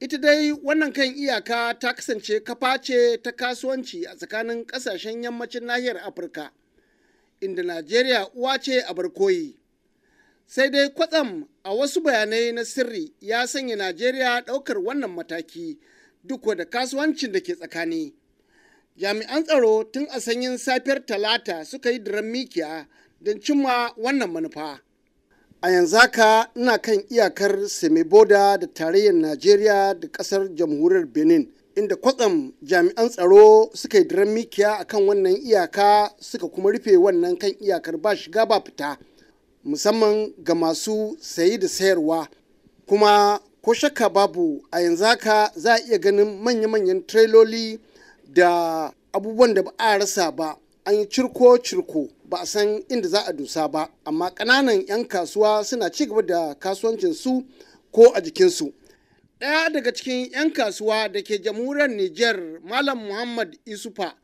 Ita dai wannan kan iyaka ta kasance kafa ta kasuwanci a tsakanin ƙasashen yammacin nahiyar Afirka, inda Najeriya uwa ce a barkoyi. Sai dai kwatsam a wasu bayanai na sirri ya sanya Najeriya ɗaukar wannan mataki duk da kasuwancin da ke tsakani. Jami'an tsaro tun a sanyin safiyar talata suka yi diran mikiya don cimma wannan manufa. a yanzu haka ina kan iyakar semiboda da tarayyar najeriya da kasar jamhuriyar benin inda kwatsam jami'an tsaro suka yi diran mikiya a kan wannan iyaka suka kuma rufe wannan kan iyakar ba shiga ba fita musamman ga masu sayi da sayarwa kuma ko shakka babu a yanzu haka za a iya ganin manya-manyan trailoli da abubuwan da ba a rasa ba an yi cirko-cirko ba a san inda za a dusa ba amma ƙananan 'yan kasuwa suna ci gaba da kasuwancinsu ko a jikinsu ɗaya daga cikin 'yan kasuwa da ke jamhuriyar niger malam muhammad isufa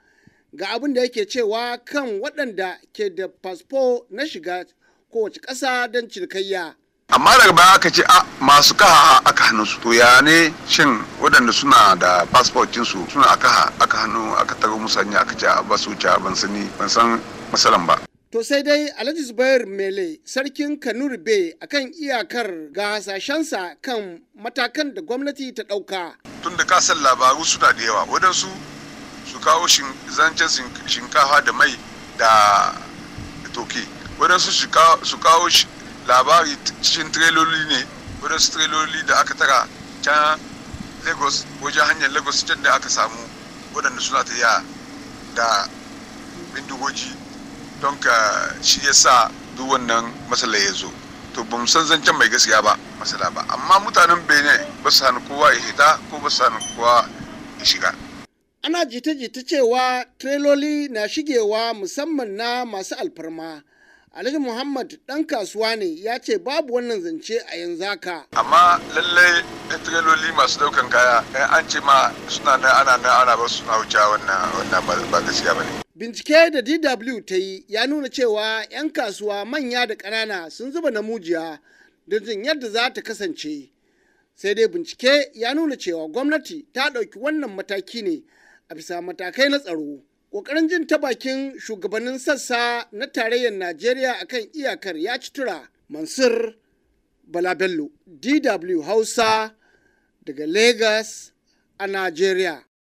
ga abin da yake cewa kan waɗanda ke da fasfo na shiga kowace ƙasa don cinikayya amma daga baya aka ce a ah, masu kaha aka hannu su to ya ne shin waɗanda suna da passport su suna aka ha aka hannu aka taga musu hanya aka ce a ah, ba su wuce ban sani ban san matsalan ba To sai dai Alhaji Zubair Mele sarkin Kanuri Bay akan iyakar ga hasashensa kan matakan da gwamnati ta ɗauka. Tun da kasan labaru suna da yawa waɗansu su kawo zancen shinkafa da mai da toki waɗansu su kawo labari cikin treloli ne wadansu treloli da aka tara can lagos wajen hanyar lagos can da aka samu waɗanda suna ta ya da bindigoji don ka shi ya sa duk wannan matsala ya zo to ba mu san zancen mai gaskiya ba matsala ba amma mutanen bene ba su hannu kowa ya hita ko ba su hannu kowa ya shiga ana jita-jita cewa treloli na shigewa musamman na masu alfarma Alhaji Muhammad ɗan kasuwa ne ya ce babu wannan zance a yanzu haka. Amma lallai tireloli masu daukan kaya an ce ma suna nan ana nan ana ba suna wuce wannan wannan ba gaskiya ba Bincike da DW ta yi ya nuna cewa 'yan kasuwa manya da ƙanana sun zuba namujiya don jin yadda za ta kasance. Sai dai bincike ya nuna cewa gwamnati ta ɗauki wannan mataki ne a bisa matakai na tsaro. Kokarin jin ta bakin shugabannin sassa na tarayyar Najeriya akan iyakar ya ci tura Mansur Bala Bello, DW Hausa daga Lagos a Najeriya.